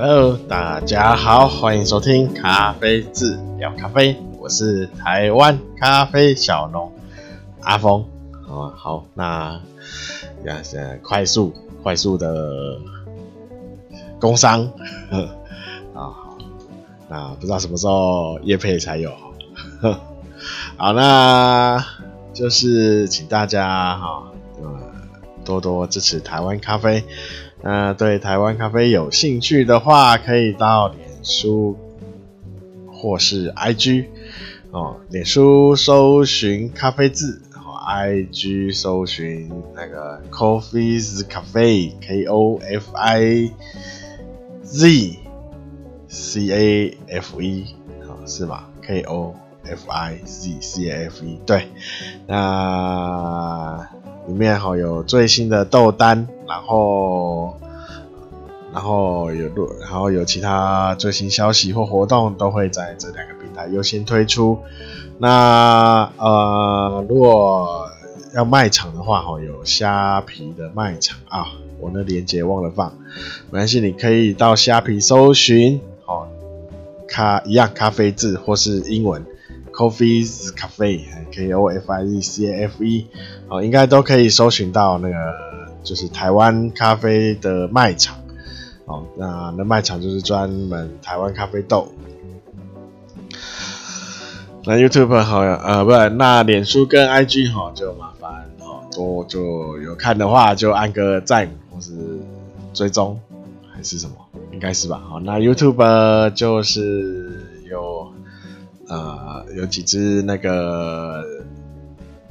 Hello，大家好，歡迎收聽咖啡誌聊咖啡，我是台灣咖啡小農阿峰，好啊，好，那現在快速快速的工商 啊，好，那不知道什麼時候業配才有， 好，那就是請大家哈，多多支持台灣咖啡。那對台灣咖啡有興趣的話，可以到臉書或是 IG 哦。臉書搜尋“咖啡字”，哦，IG 搜尋那個 “Coffee's Cafe”，K O F I Z C A F E，哦，是吧？K O F I Z C A F E，對，那。裡面好有最新的豆單，然後，然後有，然後有其他最新消息或活動，都會在這兩個平台優先推出。那呃，如果要賣場的話，吼有蝦皮的賣場啊，我那鏈接忘了放，沒關係，你可以到蝦皮搜尋，哦，咖一樣咖啡字或是英文。Coffee 's Cafe，K O F I E C A F E，哦，應該都可以搜尋到那個，就是台灣咖啡的賣場。哦，那那賣場就是專門台灣咖啡豆。那 YouTube 好、哦，呃，不然，那臉書跟 IG 好、哦，就麻煩哦多就有看的話就按個讚或是追蹤還是什麼，應該是吧？哦，那 YouTube 就是有。呃，有幾支那個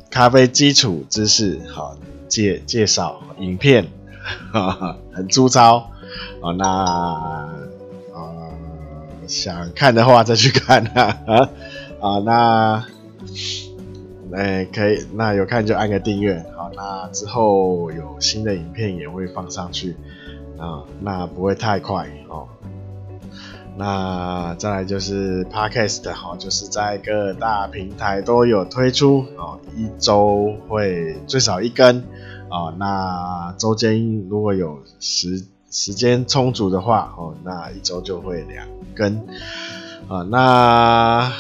咖啡基礎知識好介介紹影片，哈，很粗糙，那啊、呃，想看的話再去看、啊、呵呵好那、欸，可以，那有看就按個訂閱，好，那之後有新的影片也會放上去，啊，那不會太快哦。那再來就是 Podcast 哦，就是在各大平台都有推出哦，一周會最少一更哦，那周間如果有時時間充足的話哦，那一周就會兩更啊，那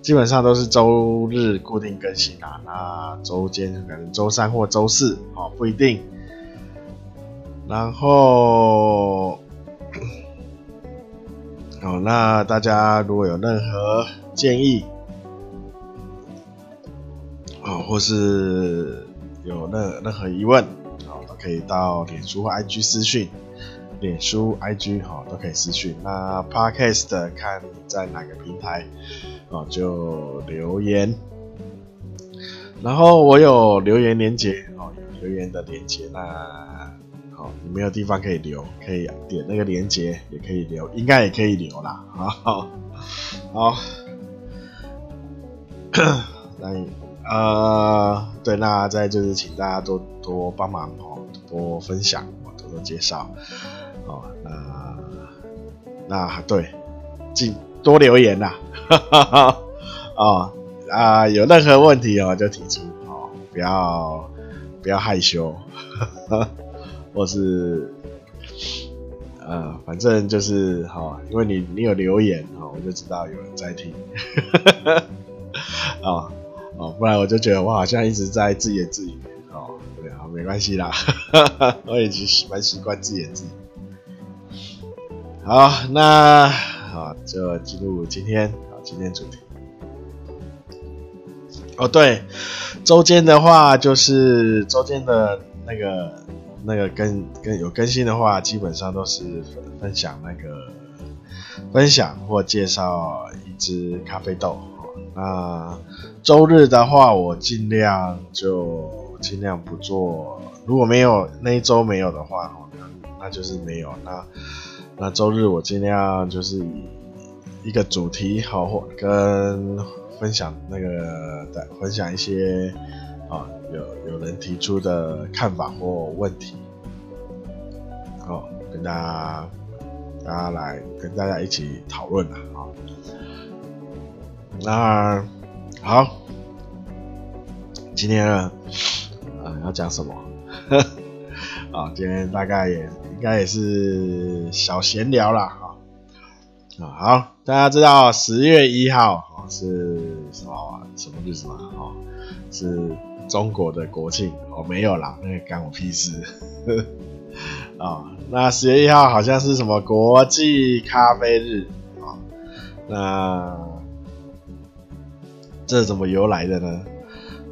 基本上都是周日固定更新啊，那周間可能周三或周四哦，不一定，然後。好、哦，那大家如果有任何建議，哦，或是有任任何疑問，哦，都可以到臉書或 IG 私訊，臉書 IG 哦都可以私訊。那 Podcast 看你在哪個平台，哦就留言，然後我有留言連結哦，有留言的連結那。哦、你沒有地方可以留，可以點那個連結，也可以留，應該也可以留啦。好、哦、好、哦、那呃，對，那再就是請大家多多幫忙哦，多分享，哦、多多介紹。哦呃、那那對，多留言啦，啊啊，有任何問題哦就提出哦，不要不要害羞。呵呵或是，呃，反正就是好、哦，因為你你有留言哈、哦，我就知道有人在聽、 哦哦，不然我就覺得我好像一直在自言自語哦，對啊，沒關係啦，呵呵，我已經蠻習慣自言自語。好，那好，就進入今天好今天主題。哦，對，週間的話就是週間的那個。那個更更有更新的話，基本上都是分分享那個分享或介紹一支咖啡豆。那周日的話，我儘量就儘量不做。如果沒有那一周沒有的話，那那就是沒有。那那周日我尽量就是以一個主題，好或跟分享那個的分享一些。有有人提出的看法或問題，好，跟大家跟大家來跟大家一起討論啊。好。那好，今天呢、呃、要講什麼？啊， 今天大概也應該也是小閒聊了啊啊。好，大家知道十月一號是什麼、啊、什麼日子嗎？啊，是。中國的國慶哦，沒有啦，那個干我屁事呵呵哦，那十月一號好像是什麼國際咖啡日哦。那這怎麼由來的呢？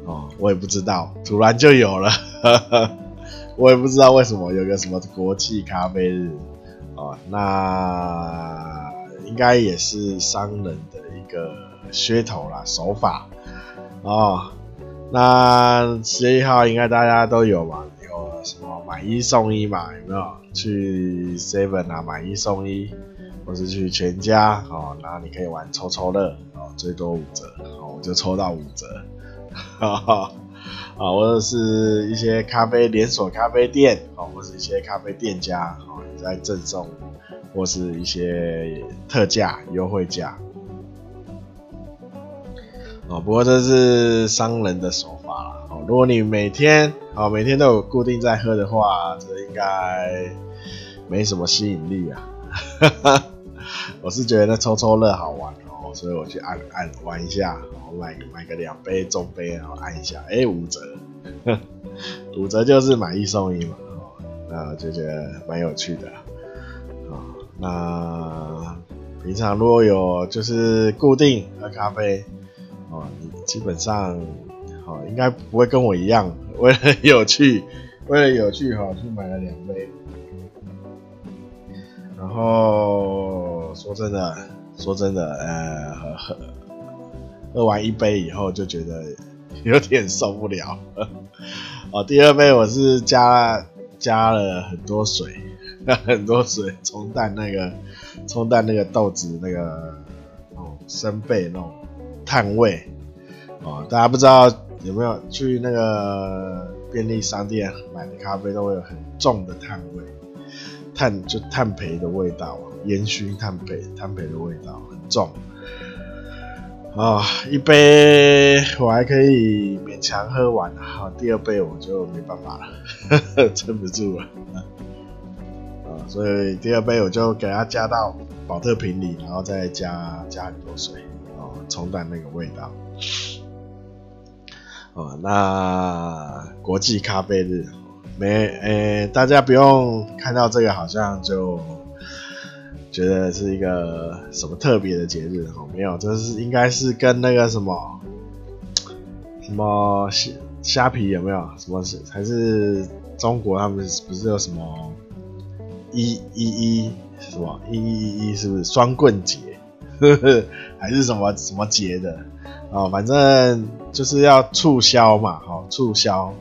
哦，我也不知道，突然就有了，呵呵，我也不知道為什麼有個什麼國際咖啡日哦。那應該也是商人的一個噱頭啦，手法哦。那十一號應該大家都有嘛，有什麼買一送一嘛？有沒有去 Seven 啊，買一送一，或是去全家哦，然後你可以玩抽抽樂哦，最多五折哦，我就抽到五折，哈哈，啊，或者是一些咖啡連鎖咖啡店哦，或者一些咖啡店家哦也在贈送或是一些特價優惠價。哦，不過這是商人的手法啦。哦，如果你每天，哦，每天都有固定在喝的話，這應該沒什麼吸引力啊。 我是覺得那抽抽樂好玩哦，所以我去按按玩一下，然後買買個兩杯中杯，然後按一下，哎，五折， 五折就是買一送一嘛。哦，那我就覺得蠻有趣的。哦，那平常如果有就是固定喝咖啡。哦，你基本上，哦，應該不會跟我一樣，為了有趣，為了有趣，哈，去買了兩杯。然後說真的，說真的，呃喝，喝，喝完一杯以後就覺得有點受不了。呵呵哦，第二杯我是加加了很多水，很多水沖淡那個沖淡那個豆子那個哦生貝那種。碳味，哦，大家不知道有沒有去那個便利商店買的咖啡，都會有很重的碳味，碳就碳焙的味道，煙燻碳焙，碳焙的味道很重。啊、哦，一杯我還可以勉強喝完，好，第二杯我就沒辦法了，呵呵，撐不住了、哦，所以第二杯我就給它加到保特瓶裡，然後再加加很多水。哦，沖淡那個味道。哦，那國際咖啡日沒？哎、欸，大家不用看到這個，好像就覺得是一個什麼特別的節日哦？沒有，這、就是應該是跟那個什麼什麼蝦蝦皮有沒有？什麼是？還是中國他們不，不是有什麼一一一什麼一一一一是不是雙棍節？呵呵。還是什麼什麼節的，哦，反正就是要促銷嘛，哈、哦，促銷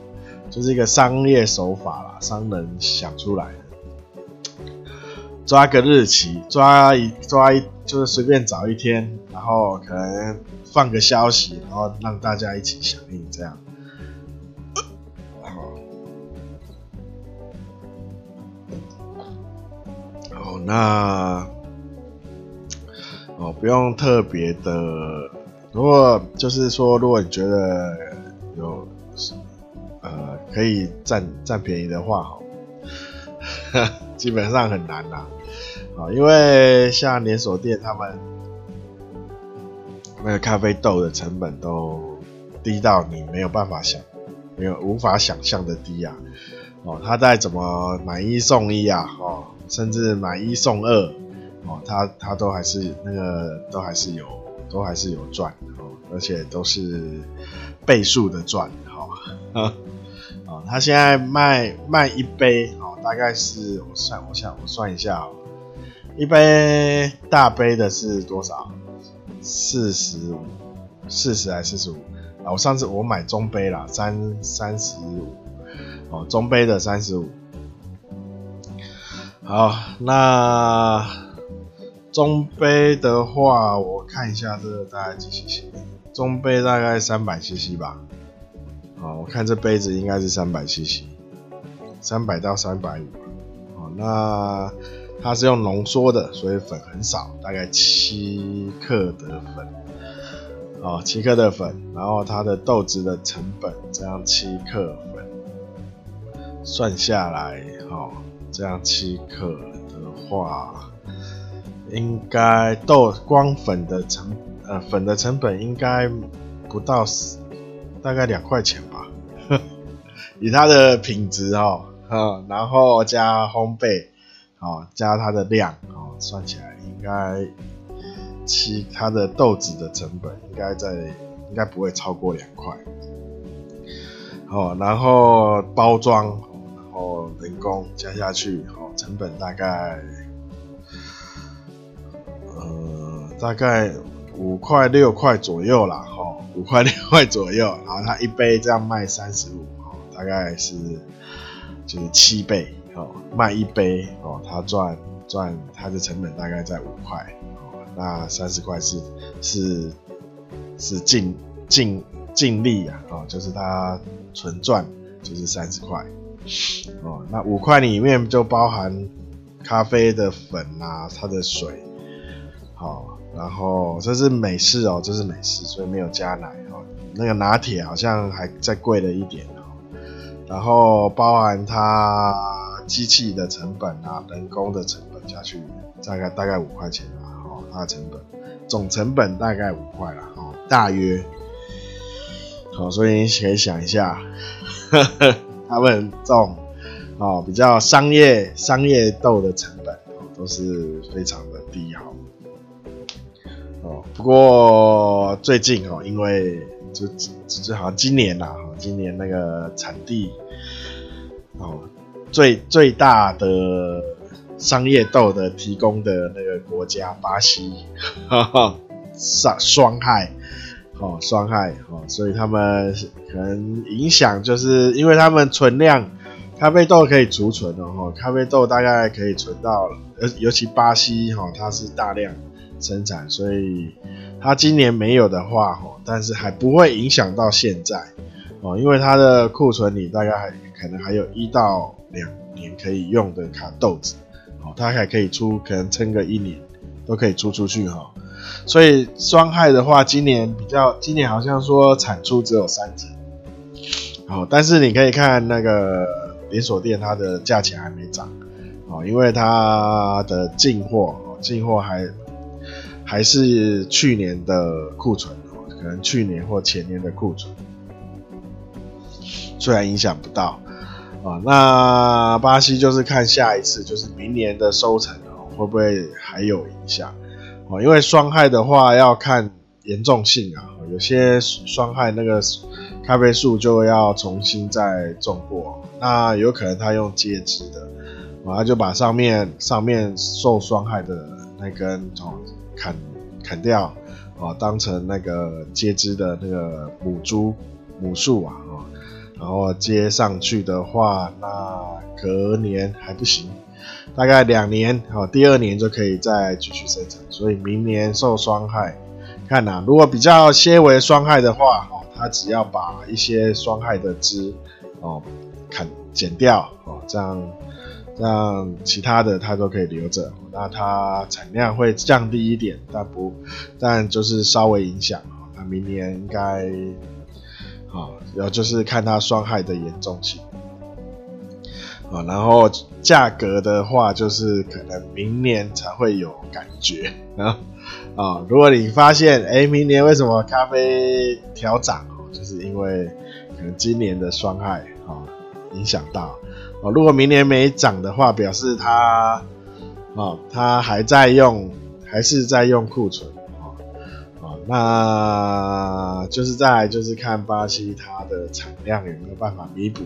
就是一個商業手法啦，商人想出來的，抓個日期，抓一抓一，就是隨便找一天，然後可能放個消息，然後讓大家一起響應，這樣，嗯、好、哦、那。哦，不用特別的。如果就是說，如果你覺得有呃可以占占便宜的話，哈，基本上很難啦。好、哦，因為像連鎖店，他們那個咖啡豆的成本都低到你沒有辦法想，沒有無法想象的低啊。哦，他再怎麼買一送一啊？哦，甚至買一送二。哦，他他都還是那個，都還是有，都還是有賺哦，而且都是倍數的賺，好、哦，啊、嗯哦，他現在賣賣一杯，好、哦，大概是我算，我想我算一下，一杯大杯的是多少？四十五，四十還是四十五？啊，我上次我買中杯啦，三三十五，哦，中杯的三十五，好，那。中杯的話，我看一下，這個大概幾 cc？中杯大概三百 cc 吧。哦，我看這杯子應該是三百 cc，三百到三百五。哦，那它是用濃縮的，所以粉很少，大概七克的粉。哦，七克的粉，然後它的豆子的成本，這樣七克粉。算下來，哦，這樣七克的話。應該豆光粉的成呃粉的成本應該不到十，大概兩塊錢吧。 以它的品質哦，嗯，然後加烘焙，哦，加它的量，哦，算起來應該，其他的豆子的成本應該在應該不會超過兩塊。哦，然後包裝，哦，然後人工加下去，哦，成本大概。呃，大概五塊六塊左右啦，哈、哦，五塊六塊左右，然後他一杯這樣賣三十五，哈，大概是就是七倍，哦，賣一杯，哦，他賺賺他的成本大概在五塊，哦，那三十塊是是是淨淨淨利啊，哦，就是他純賺就是三十塊，哦，那五塊裡面就包含咖啡的粉啊，它的水。好、哦，然後這是美式哦，這是美式，所以沒有加奶哦。那個拿鐵好像還再貴了一點哦。然後包含它機器的成本啊，人工的成本下去，大概大概五塊錢啦，哦，它的成本，總成本大概五塊啦，哦，大約。好、哦，所以你可以想一下，呵呵，他們這種，哦，比較商業商業豆的成本哦，都是非常的低哦。不過最近哦，因為就這這好像今年吶、啊，今年那個產地哦，最最大的商業豆的提供的那個國家巴西，哈，哈，傷傷害，哦傷害哦，所以他們可能影響，就是因為他們存量咖啡豆可以儲存哦，咖啡豆大概可以存到，尤尤其巴西哈、哦，它是大量。生產，所以它今年沒有的話，但是還不會影響到現在，哦，因為它的庫存裡大概還可能還有一到兩年可以用的卡豆子，哦，它還可以出，可能撐個一年都可以出出去哈。所以雙害的話，今年比較，今年好像說產出只有三成，哦，但是你可以看那個連鎖店，它的價錢還沒漲，哦，因為它的進貨，進貨還。還是去年的庫存哦，可能去年或前年的庫存，雖然影響不到，啊，那巴西就是看下一次，就是明年的收成哦，會不會還有影響？哦，因為霜害的話要看嚴重性啊，有些霜害那個咖啡樹就要重新再種過，那有可能他用截枝的，然後就把上面上面受霜害的那根砍砍掉啊、哦，當成那個接枝的那個母株母樹啊、哦，然後接上去的話，那隔年還不行，大概兩年哦，第二年就可以再繼續生產，所以明年受傷害。看吶、啊，如果比較些微傷害的話，哦，它只要把一些傷害的枝哦砍剪掉，哦，這樣。那其他的它都可以留着，那它產量會降低一點，但不，但就是稍微影響。那明年應該，主要就是看它傷害的嚴重性，啊，然後價格的話，就是可能明年才會有感覺啊啊，如果你發現，哎、欸，明年為什麼咖啡調漲哦，就是因為可能今年的傷害啊影響大。哦、如果明年沒漲的話，表示它，啊、哦，它還在用，還是在用庫存，啊、哦，啊、哦，那就是再來就是看巴西它的產量有沒有辦法彌補，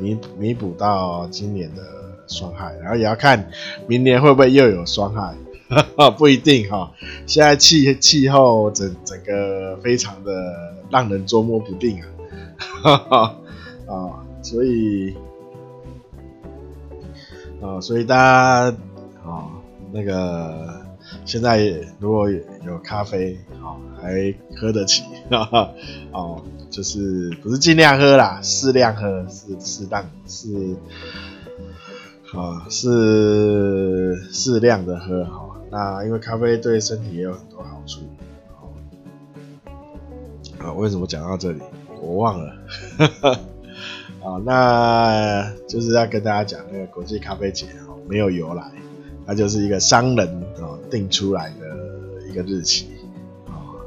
彌彌補到今年的傷害，然後也要看明年會不會又有傷害，不一定哈、哦，現在氣氣候整整個非常的讓人捉摸不定啊，哈哈，啊、哦，所以。哦，所以大家，哦，那個現在如果有咖啡，哦，還喝得起，呵呵，哦，就是不是盡量喝啦，適量喝，適適當是，啊，哦，是適量的喝，好、哦，那因為咖啡對身體也有很多好處，哦、啊，為什麼講到這裡？我忘了。 好、哦、那就是要跟大家講，那個國際咖啡節哦，沒有由來，它就是一個商人哦定出來的一個日期，哦，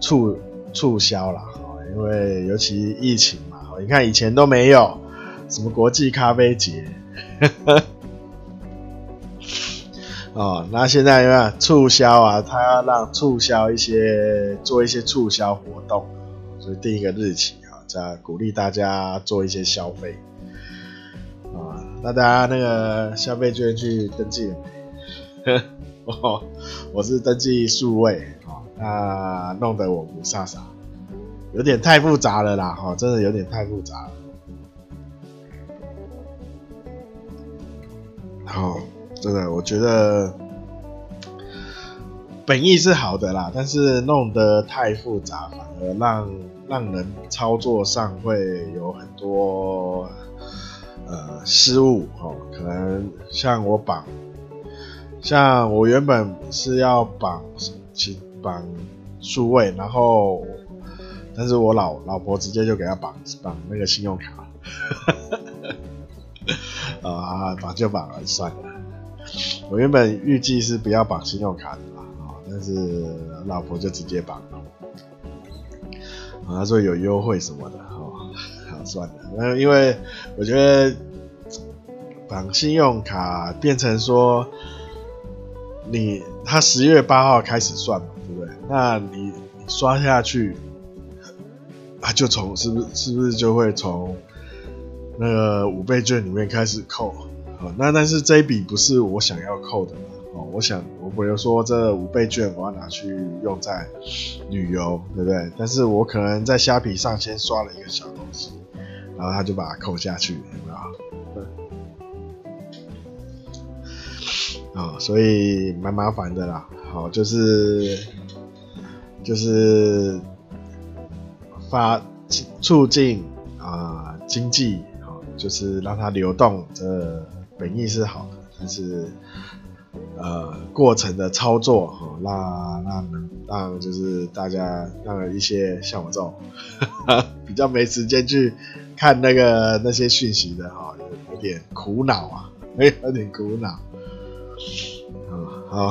促促銷啦哦，因為尤其疫情嘛，你看以前都沒有什麼國際咖啡節，哦，那現在你看促銷啊，他要讓促銷一些，做一些促銷活動，所以定一個日期。在鼓勵大家做一些消費啊，那大家那個消費券去登記了沒？我我是登記數位啊，那弄得我霧煞煞，有點太複雜了啦！啊，真的有點太複雜了。好，啊，真的我覺得本意是好的啦，但是弄得太複雜，反而讓。讓人操作上會有很多呃失誤哦，可能像我綁，像我原本是要綁綁數位，然後，但是我老老婆直接就給他綁綁那個信用卡， 啊，綁就綁了算了，我原本預計是不要綁信用卡的啊、哦，但是老婆就直接綁了。他，啊、說有優惠什麼的，好，哦啊，算了。那因為我覺得綁信用卡變成說你他十月八號開始算嘛，對不對？那你刷下去，他就從是不是是不是就會從那個五倍券裡面開始扣？啊，那但是這一筆不是我想要扣的嗎？我想，我比如說這五倍券，我要拿去用在旅遊，對不對？但是我可能在蝦皮上先刷了一個小東西，然後他就把它扣下去，你知道嗎？嗯。啊，所以蠻麻煩的啦。好，就是就是發促進啊、呃、經濟、哦，就是讓它流動，這個、本意是好的，但是。呃，過程的操作哈、哦，那那那就是大家那一些像我這種比較沒時間去看那個那些訊息的哈、哦，有點苦惱啊，有點苦惱、哦。好，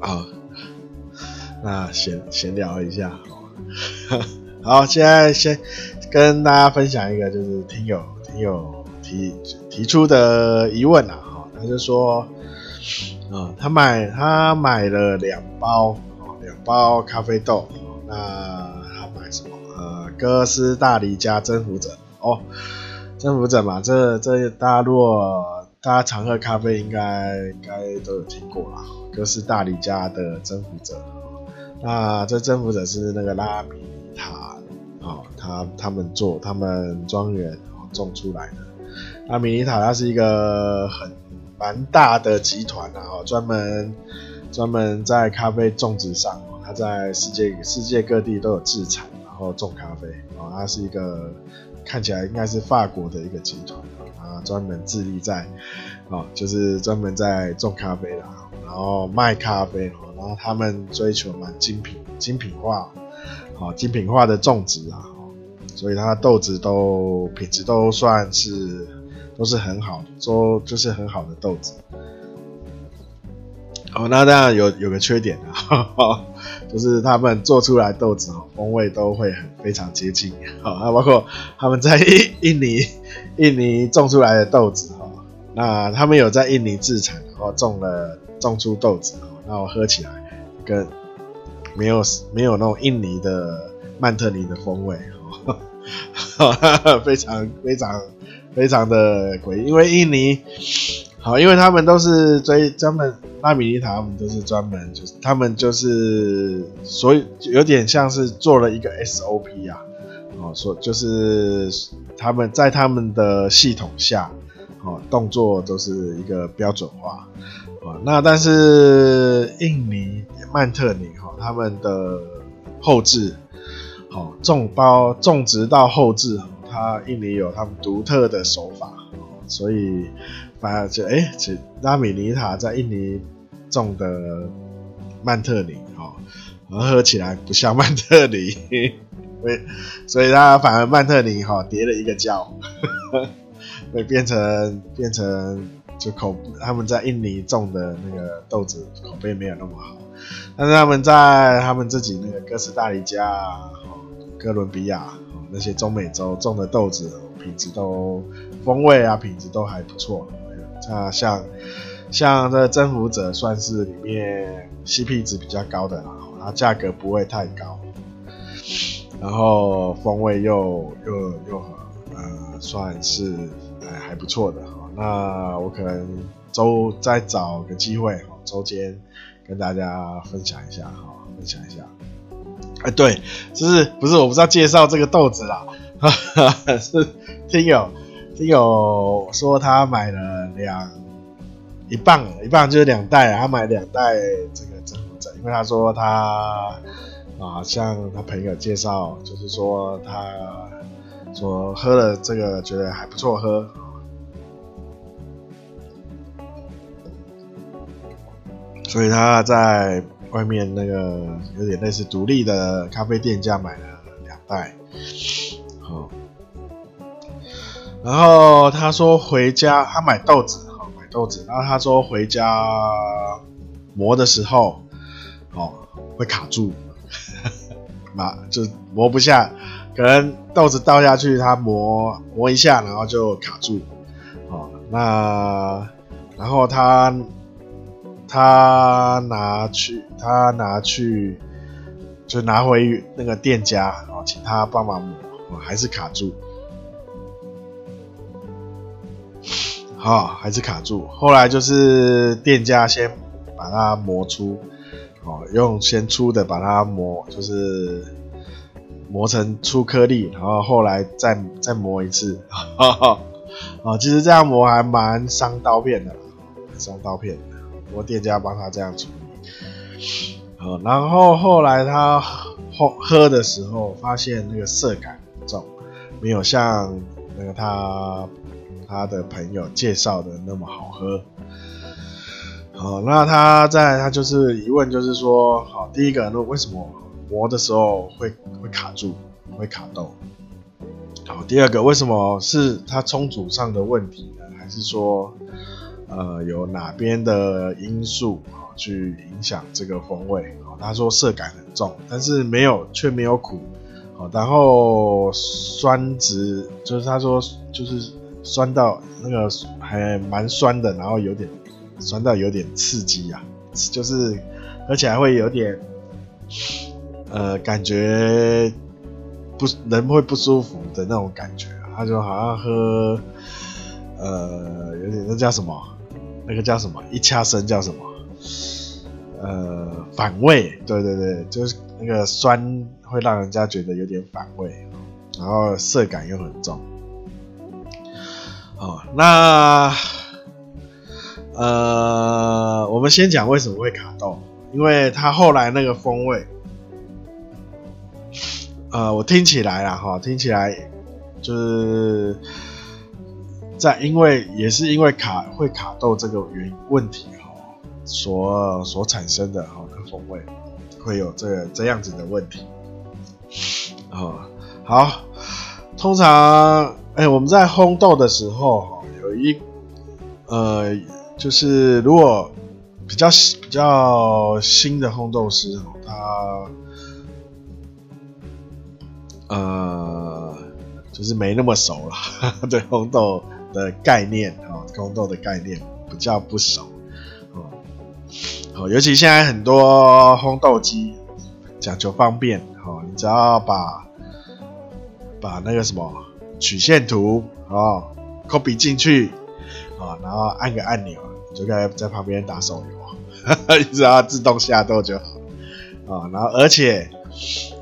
好、哦，那閒閒聊一下好。好，現在先跟大家分享一個，就是聽友聽友提提出的疑問啊。他就說，啊、嗯，他買他買了兩包，哦、兩包咖啡豆。那他買什麼？呃，哥斯大黎加征服者哦，征服者嘛，這這大陸大家常喝咖啡應該該都有聽過啦。哥斯大黎加的征服者。那這征服者是那個拉米尼塔啊、哦，他他們做他們莊園、哦、種出來的。拉米尼塔它是一個很。蠻大的集團啊，專門專門在咖啡種植上，他在世界世界各地都有自產，然後種咖啡，它是一個看起來應該是法國的一個集團，他專門致力在，哦，就是專門在種咖啡啦，然後賣咖啡，然後他們追求蠻精品精品化，精品化的種植啊，所以它的豆子都品質都算是。都是很好做，就是很好的豆子。好，那當然有有個缺點啊呵呵，就是他們做出來豆子哈、哦，風味都會很非常接近，好，那包括他們在印印尼印尼種出來的豆子哈，那他們有在印尼自產然後種了種出豆子啊，那我喝起來跟沒有沒有那種印尼的曼特尼的風味，哈哈，非常非常。非常的詭異，因為印尼好、哦，因為他們都是追專門拉米尼塔，他們都是專門就是他們就是所以有點像是做了一個 SOP 啊，哦所，就是他們在他們的系統下，哦動作都是一個標準化哦，那但是印尼曼特尼哈、哦、他們的後製哦，種包種植到後製。它印尼有他們獨特的手法，所以反而就誒，這、欸、拉米尼塔在印尼種的曼特寧哈，然後喝起來不像曼特寧，所以所以大家反而曼特寧哈疊了一個跤，會變成變成就口他們在印尼種的那個豆子口碑沒有那麼好，但是他們在他們自己那個哥斯達黎加、哥倫比亞。那些中美洲種的豆子，品質都風味啊，品質都還不錯。那像像這征服者算是裡面 CP 值比較高的，然後價格不會太高，然後風味又又又好呃算是哎，還不錯的。那我可能周再找個機會，周間跟大家分享一下哈，分享一下。啊、欸，對，就是不是我不知道介紹這個豆子啦， 是聽友聽友說他買了兩一磅一磅就是兩袋、啊，他買了兩袋這個珍珠粉，因為他說他啊向他朋友介紹，就是說他說喝了這個覺得還不錯喝，所以他在。外面那個有點類似獨立的咖啡店家買了兩袋，好、哦。然後他說回家，他買豆子，好、哦、買豆子。然後他說回家磨的時候，哦會卡住，那就磨不下，可能豆子倒下去，他磨磨一下，然後就卡住，哦，那然後他他拿去。他拿去，就拿回那個店家，哦，請他幫忙磨，哦，還是卡住，好、哦，還是卡住。後來就是店家先把它磨粗，哦，用先粗的把它磨，就是磨成粗顆粒，然後後來再再磨一次呵呵，哦，其實這樣磨還蠻傷刀片的，傷刀片，不過店家幫他這樣處理。嗯、然後後來他喝喝的時候，發現那個澀感很重，沒有像那個他他的朋友介紹的那麼好喝。好、嗯，那他再來他就是疑問，就是說，好，第一個，那為什麼磨的時候會會卡住，會卡豆。好，第二個，為什麼是他沖煮上的問題呢？還是說，呃，有哪邊的因素？去影響這個風味哦。他說澀感很重，但是沒有卻沒有苦。好，然後酸值，就是他說就是酸到那個還蠻酸的，然後有點酸到有點刺激啊，就是喝起來會有點呃感覺不，人會不舒服的那種感覺啊。他說好像喝呃有點那叫什麼，那個叫什麼一掐身叫什麼。呃，反胃，對對對，就是那個酸會讓人家覺得有點反胃，然後澀感又很重。好、哦，那呃，我們先講為什麼會卡豆，因為它後來那個風味，呃，我聽起來啦哈，聽起來就是在因為也是因為卡會卡豆這個原因問題、啊。所所產生的哈風味，會有這個、這樣子的問題，啊、哦、好，通常哎、欸、我們在烘豆的時候哈，有一呃就是如果比較比較新的烘豆師哈，他呃就是沒那麼熟了， 對烘豆的概念啊，烘豆的概念比較不熟。尤其現在很多烘豆機講求方便，哦，你只要把把那個什麼曲線圖哦，copy 進去啊，哦，然後按個按鈕，就在在旁邊打手遊，呵呵，你只要自動下豆就好啊，哦。然後而且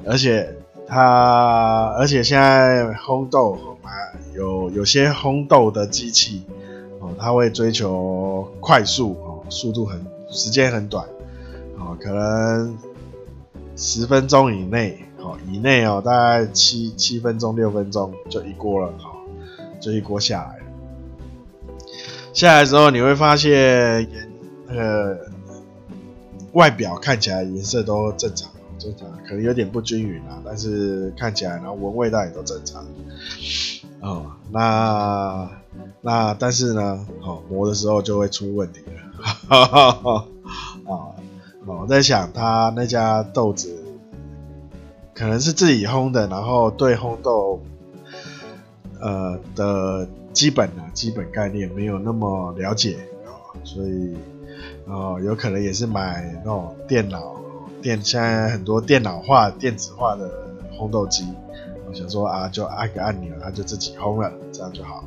而且它而且現在烘豆嘛，有有些烘豆的機器哦，它會追求快速哦，速度很。時間很短，哦，可能十分鐘以內，哦，以內哦，大概七七分鐘、六分鐘就一鍋了，哦，就一鍋下來了。下來之後你會發現，顏那個外表看起來顏色都正常，正常，可能有點不均勻啊，但是看起來，然後聞味道也都正常，哦，那。那但是呢，好、哦、磨的時候就會出問題了，哈哈哈啊！我、哦、在想他那家豆子可能是自己烘的，然後對烘豆呃的基本的、啊、基本概念沒有那麼了解啊、哦，所以然、哦、有可能也是買那種電腦電現在很多電腦化電子化的烘豆機，我想說啊，就按個按鈕，它就自己烘了，這樣就好。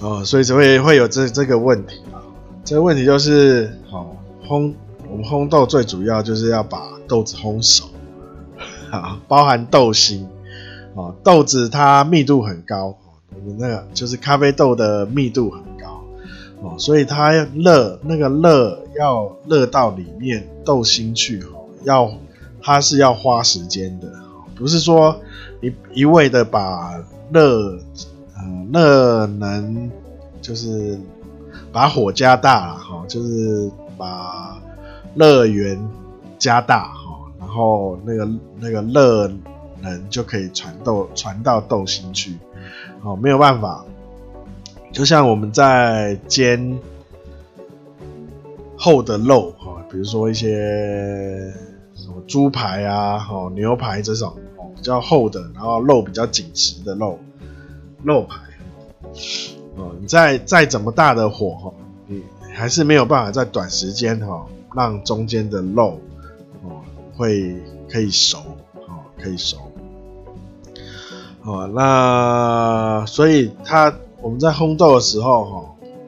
哦，所以才會會有這這個問題啊、哦，這個問題就是，好、哦、烘我們烘豆最主要就是要把豆子烘熟，啊、哦，包含豆心，哦，豆子它密度很高，我們那個就是咖啡豆的密度很高，哦，所以它要熱那個熱要熱到裡面豆心去，哦，要它是要花時間的，不是說一一味的把熱。熱能就是把火加大哈，就是把熱源加大哈，然後那個那個熱能就可以傳到傳到豆心去，哦，沒有辦法，就像我們在煎厚的肉哈，比如說一些什麼豬排啊，哦，牛排這種哦，比較厚的，然後肉比較緊實的肉肉排。哦，你再再怎麼大的火哈、嗯，你還是沒有辦法在短時間哈、哦、讓中間的肉哦會可以熟哦，可以熟哦。那所以它我們在烘豆的時候哈、哦，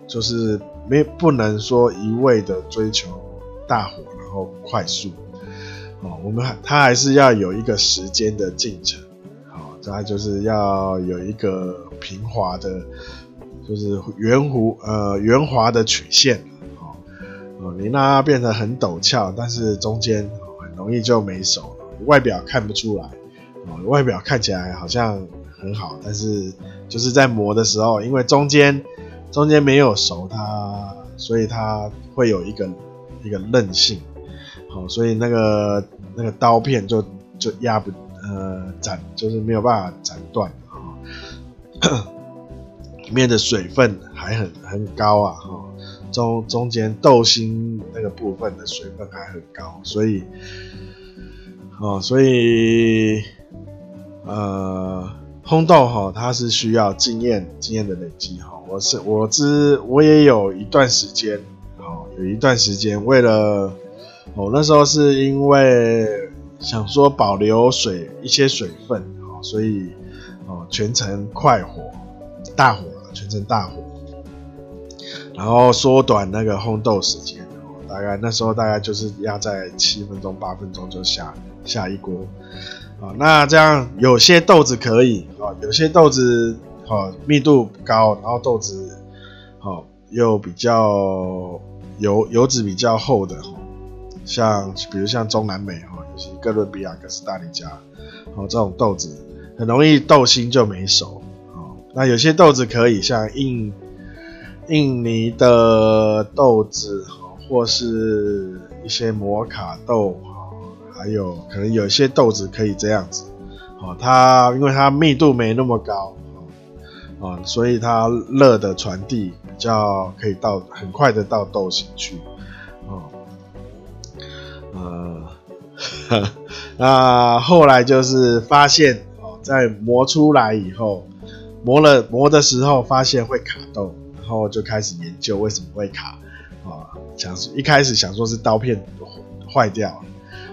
就是沒不能說一味的追求大火然後快速哦，我們還它還是要有一個時間的進程，好、哦，它就是要有一個。平滑的，就是圓弧呃圓滑的曲線，哦，你那變得很陡峭，但是中間很容易就沒熟，外表看不出來，哦，外表看起來好像很好，但是就是在磨的時候，因為中間中間沒有熟它，所以它會有一個一個韌性，好，哦，所以那個那個刀片就就壓不呃斬就是沒有辦法斬斷。裡面的水分還很很高啊，哈、哦，中中間豆心那個部分的水分還很高，所以，哦，所以，呃，烘豆，哈、哦，它是需要經驗經驗的累積哈、哦。我是我之我也有一段時間，好、哦、有一段時間為了，我、哦、那時候是因為想說保留水一些水分，好、哦，所以。哦，全程快火，大火，全程大火，然後縮短那個烘豆時間、哦、大概那時候大概就是壓在七分鐘、八分鐘就下下一鍋，啊、哦，那這樣有些豆子可以哦，有些豆子哦密度高，然後豆子好、哦、又比較油油脂比較厚的，哦、像比如像中南美哦，尤其哥倫比亞、哥斯達黎加哦這種豆子。很容易豆心就沒熟，啊、哦，那有些豆子可以，像印印尼的豆子、哦，或是一些摩卡豆，哦、還有可能有些豆子可以這樣子，好、哦，它因為它密度沒那麼高，啊、哦哦，所以它熱的傳遞比較可以到很快的到豆心去，啊、哦，呃、 那後來就是發現。在磨出來以後，磨了磨的時候發現會卡豆，然後就開始研究為什麼會卡，啊、哦，想一開始想說是刀片壞掉了，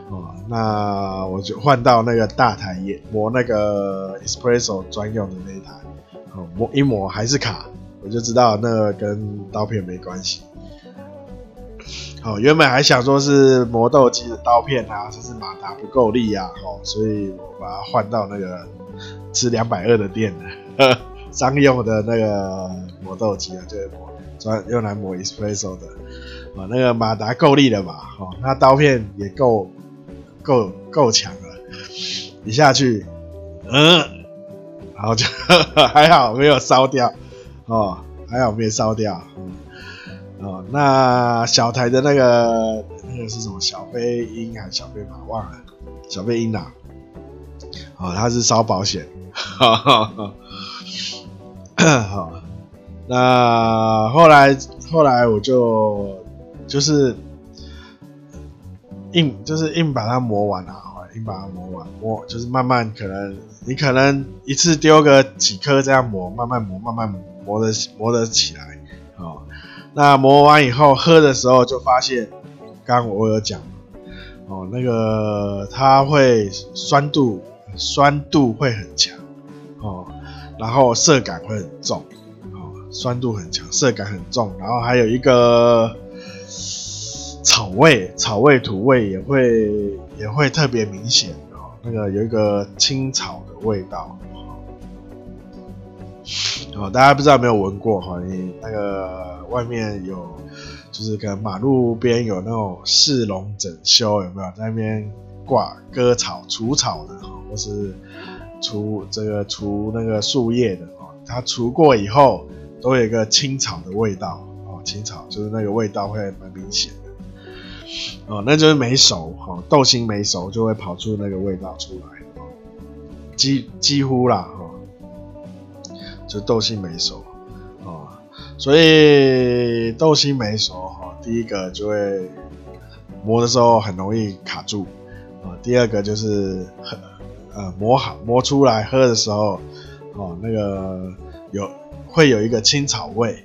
哦，那我就換到那個大台也磨那個 Espresso 專用的那一台，哦，磨一磨還是卡，我就知道那個跟刀片沒關係。哦，原本還想說是磨豆機的刀片啊，或是馬達不夠力啊，哦，所以我把它換到那個。吃兩百二的電的，商用的那個磨豆機啊，就是磨專用來磨 Espresso 的，啊、喔，那個馬達夠力的吧？哦、喔，那刀片也夠夠夠強了，一下去，嗯，然後就還好沒有燒掉，哦，還好沒燒掉，哦、喔嗯喔，那小台的那個那個是什麼？小飛鷹還是小飛馬？忘了，小飛鷹啊，哦、喔，它是燒保險。好好好， 好，那後來後來我就就是硬就是硬把它磨完了，硬把它磨完，磨就是慢慢可能你可能一次丟個幾顆這樣磨，慢慢磨，慢慢磨的磨的起來哦。那磨完以後喝的時候就發現，剛剛我有講哦，那個它會酸度酸度會很強。然後澀感會很重，酸度很強，澀感很重，然後還有一個草味，草味、土味也會也會特別明顯，那個有一個青草的味道，大家不知道有沒有聞過，哈，你那個外面有，就是跟馬路邊有那種市容整修有沒有，在那邊掛割草、除草的，或是。除這個除那個樹葉的哦，它除過以後都有一個青草的味道哦，青草就是那個味道會蠻明顯的哦，那就是沒熟哈、哦，豆心沒熟就會跑出那個味道出來、哦、幾幾乎啦哦，就豆心沒熟哦，所以豆心沒熟哈、哦，第一個就會磨的時候很容易卡住啊、哦，第二個就是。很。呃、磨好磨出來喝的時候，哦，那個有會有一個青草味，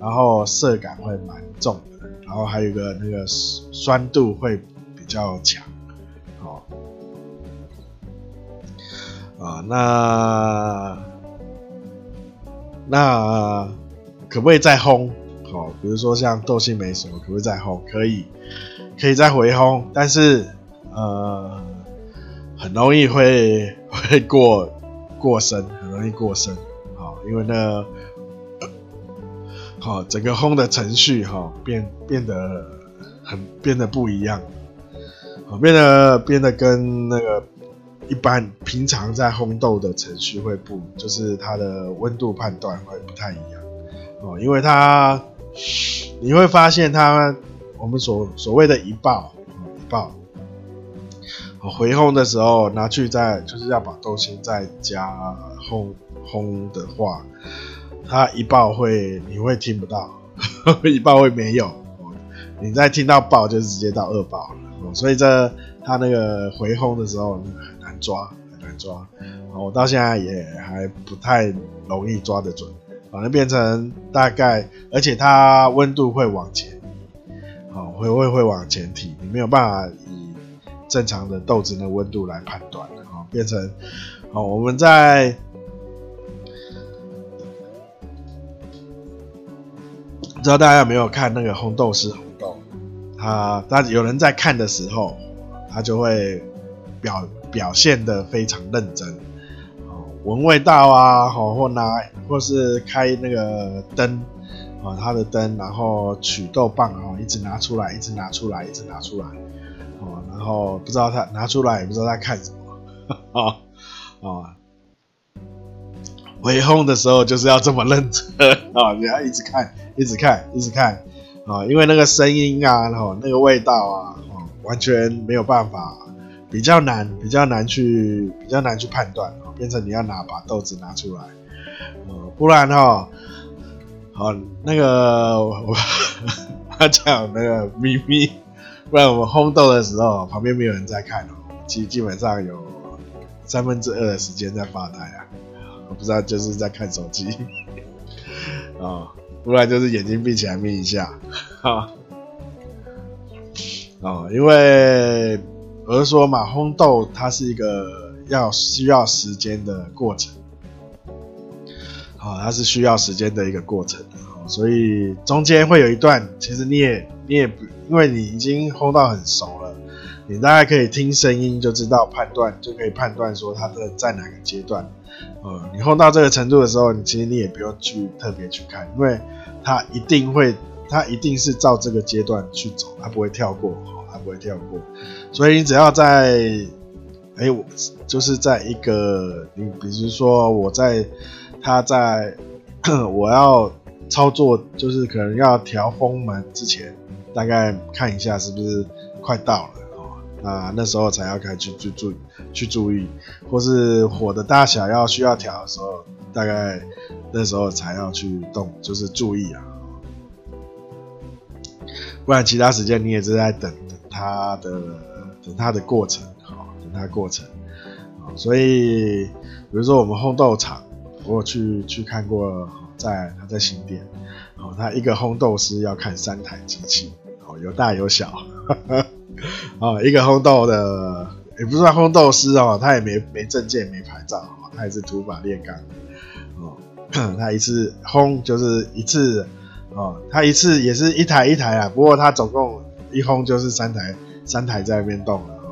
然後澀感會蠻重的，然後還有一個那個酸度會比較強，哦，啊，那那可不可以再烘？好、哦，比如說像豆心梅什麼，可不可以再烘？可以，可以再回烘，但是呃。很容易會會過過深，很容易過深，啊、哦，因為呢、那個，好、哦、整個烘的程序哈、哦、變變得很變得不一樣，好、哦、變得變得跟那個一般平常在烘豆的程序會不就是它的溫度判斷會不太一樣，哦，因為它你會發現它我們所所謂的一爆一爆。嗯回烘的時候拿去再就是要把東西再加烘，烘的話，它一爆會你會聽不到，呵呵一爆會沒有你再聽到爆就直接到二爆了，所以這它那個回烘的時候很難抓，很難抓。我到現在也還不太容易抓得準，反正變成大概，而且它溫度會往前提，哦，會會會往前提，你沒有辦法。正常的豆子的溫度來判斷，啊、哦，變成，哦，我們在，不知道大家有沒有看那個烘豆師烘豆，他、啊，他有人在看的時候，他就會表表現的非常認真，啊、哦，聞味道啊，好、哦，或拿或是開那個燈，啊、哦，他的燈，然後取豆棒，啊、哦，一直拿出來，一直拿出來，一直拿出來。然、哦、後不知道他拿出來，也不知道他看什麼，啊啊、哦哦！回烘的時候就是要這麼認真啊、哦，你要一直看，一直看，一直看啊、哦，因為那個聲音啊，然、哦、後那個味道啊、哦，完全沒有辦法，比較難，比較難去，比較難去判斷，哦、變成你要拿把豆子拿出來，哦、不然哈、哦，好、哦、那個我講 那個咪咪。不然我們烘豆的時候，旁邊沒有人在看哦。其實基本上有三分之二的時間在發呆啊，我不知道就是在看手機啊、哦，不然就是眼睛閉起來眯一下哈。哦，因為我是說嘛，烘豆它是一個要需要時間的過程，好、哦，它是需要時間的一個過程。所以中間會有一段，其實你也你也不，因為你已經烘到很熟了，你大概可以聽聲音就知道判斷，就可以判斷說他的在哪個階段。呃，你烘到這個程度的時候，你其實你也不用去特別去看，因為他一定會，他一定是照這個階段去走，他不會跳過、喔，他不會跳過。所以你只要在，哎、欸，我就是在一個，你比如說我在，他在，我要。操作就是可能要調風門之前，大概看一下是不是快到了哦，那那時候才要開始去去注意去注意，或是火的大小要需要調的時候，大概那時候才要去動，就是注意啊，不然其他時間你也是在等等它的等它的過程，好等它過程，所以比如說我們烘豆場，我去去看過。在他在新店，哦，他一個烘豆師要看三台機器，哦，有大有小，呵呵哦，一個烘豆的也、欸、不是烘豆師哦，他也沒沒證件沒牌照、哦，他也是土法煉鋼，哦，他一次烘就是一次，哦，他一次也是一台一台啊，不過他總共一烘就是三台三台在那邊動了哦，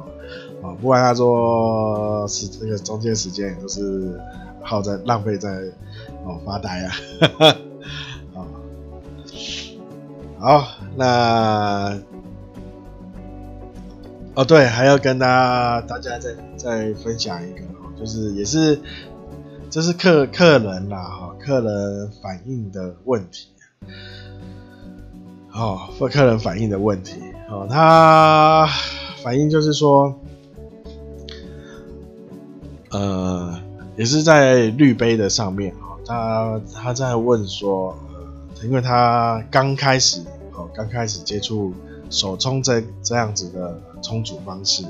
哦，不管他說是那、這個中間時間也都是耗在浪費在。哦，發呆啊，哈哈，哦，好，那哦，對，還要跟大家大家再再分享一個，就是也是，這、就是客客人啦哈、哦，客人反應的問題，哦，客客人反應的問題，哦，他反應就是說，呃，也是在濾杯的上面。他、啊、他在問說，因為他剛開始，哦，剛開始接觸手沖這這樣子的沖煮方式，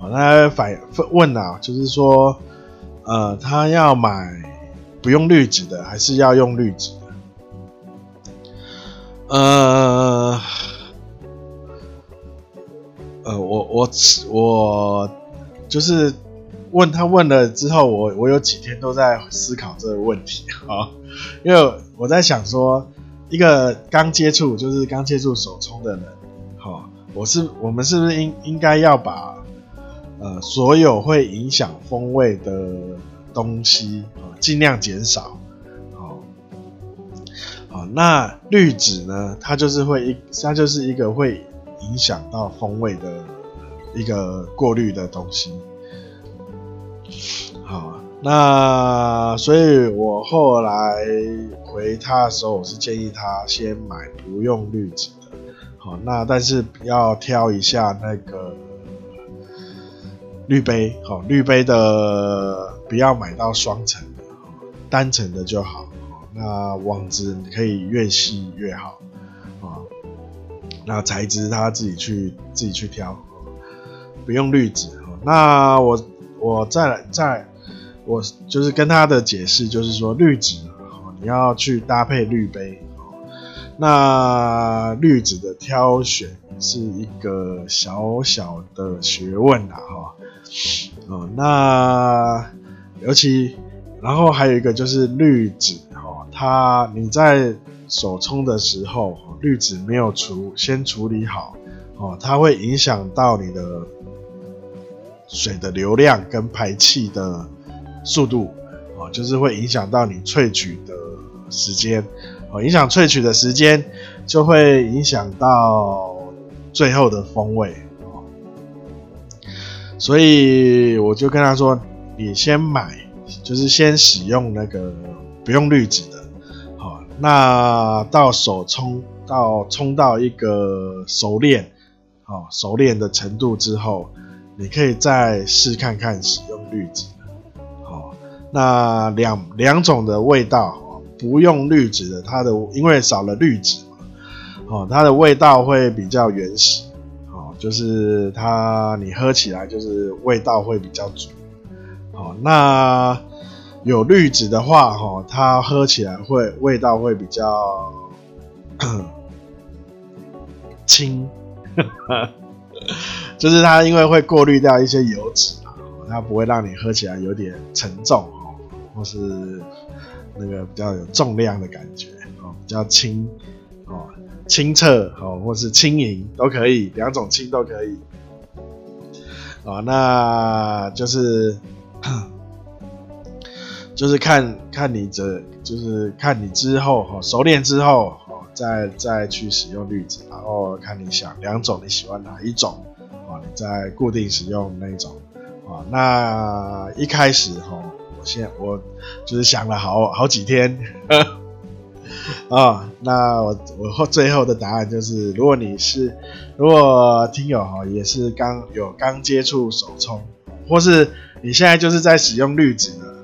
啊，他反問啊，就是說，呃，他要買不用濾紙的，還是要用濾紙的？呃，呃，我我我就是。問他問了之後，我我有幾天都在思考這個問題啊、哦，因為我在想說，一個剛接觸就是剛接觸手沖的人，好、哦，我是我們是不是應應該要把呃所有會影響風味的東西啊、哦、儘量減少，好、哦，好、哦，那濾紙呢，它就是會一它就是一個會影響到風味的一個過濾的東西。好，那所以，我後來回他的時候，我是建議他先買不用濾紙的。好，那但是要挑一下那個濾杯，好，濾杯的不要買到雙層的，單層的就好。那網子你可以越細越好。好，那材質他自己去自己去挑，不用濾紙。那我。我再來再來，我就是跟他的解釋，就是說濾紙，你要去搭配濾杯，那濾紙的挑選是一個小小的學問啦，哈，哦，那尤其，然後還有一個就是濾紙哦，它你在手沖的時候，濾紙沒有處，先處理好哦，它會影響到你的。水的流量跟排氣的速度，哦，就是會影響到你萃取的時間，哦，影響萃取的時間，就會影響到最後的風味，哦。所以我就跟他說：“你先買，就是先使用那個不用濾紙的，好，那到手沖到沖到一個熟練，哦，熟練的程度之後。”你可以再試看看使用濾紙好，那兩兩種的味道，哦、不用濾紙的，它的因為少了濾紙嘛，哦，它的味道會比較原始，哦、就是它你喝起來就是味道會比較足，好、哦，那有濾紙的話、哦，它喝起來會味道會比較輕。 就是它，因為會過濾掉一些油脂嘛，它不會讓你喝起來有點沉重哦，或是那個比較有重量的感覺哦，比較輕哦，清澈哦，或是輕盈都可以，兩種輕都可以哦。那就是，就是看看你這，就是看你之後哦，熟練之後。再再去使用濾紙，然後看你想兩種你喜歡哪一種啊、哦？你再固定使用那種啊、哦。那一開始哈、哦，我先我就是想了好好幾天啊、 哦。那我我最後的答案就是，如果你是如果聽友哈也是剛有剛接觸手沖，或是你現在就是在使用濾紙的，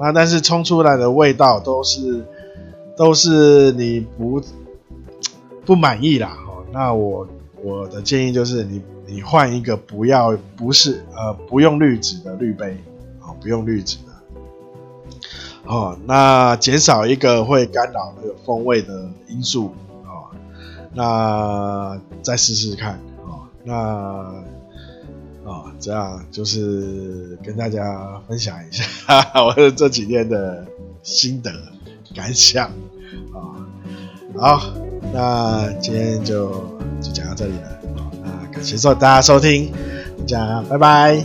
那但是沖出來的味道都是都是你不。不滿意啦，哦、那我我的建議就是你你換一個不要不是呃不用濾紙的濾杯啊，不用濾紙的、哦、的，好、哦，那減少一個會干擾那個風味的因素、哦、那再試試看、哦、那、哦、這樣就是跟大家分享一下 我的這幾天的心得感想、哦、好。那今天就就講到這裡了，那感謝收大家收聽，大家拜拜。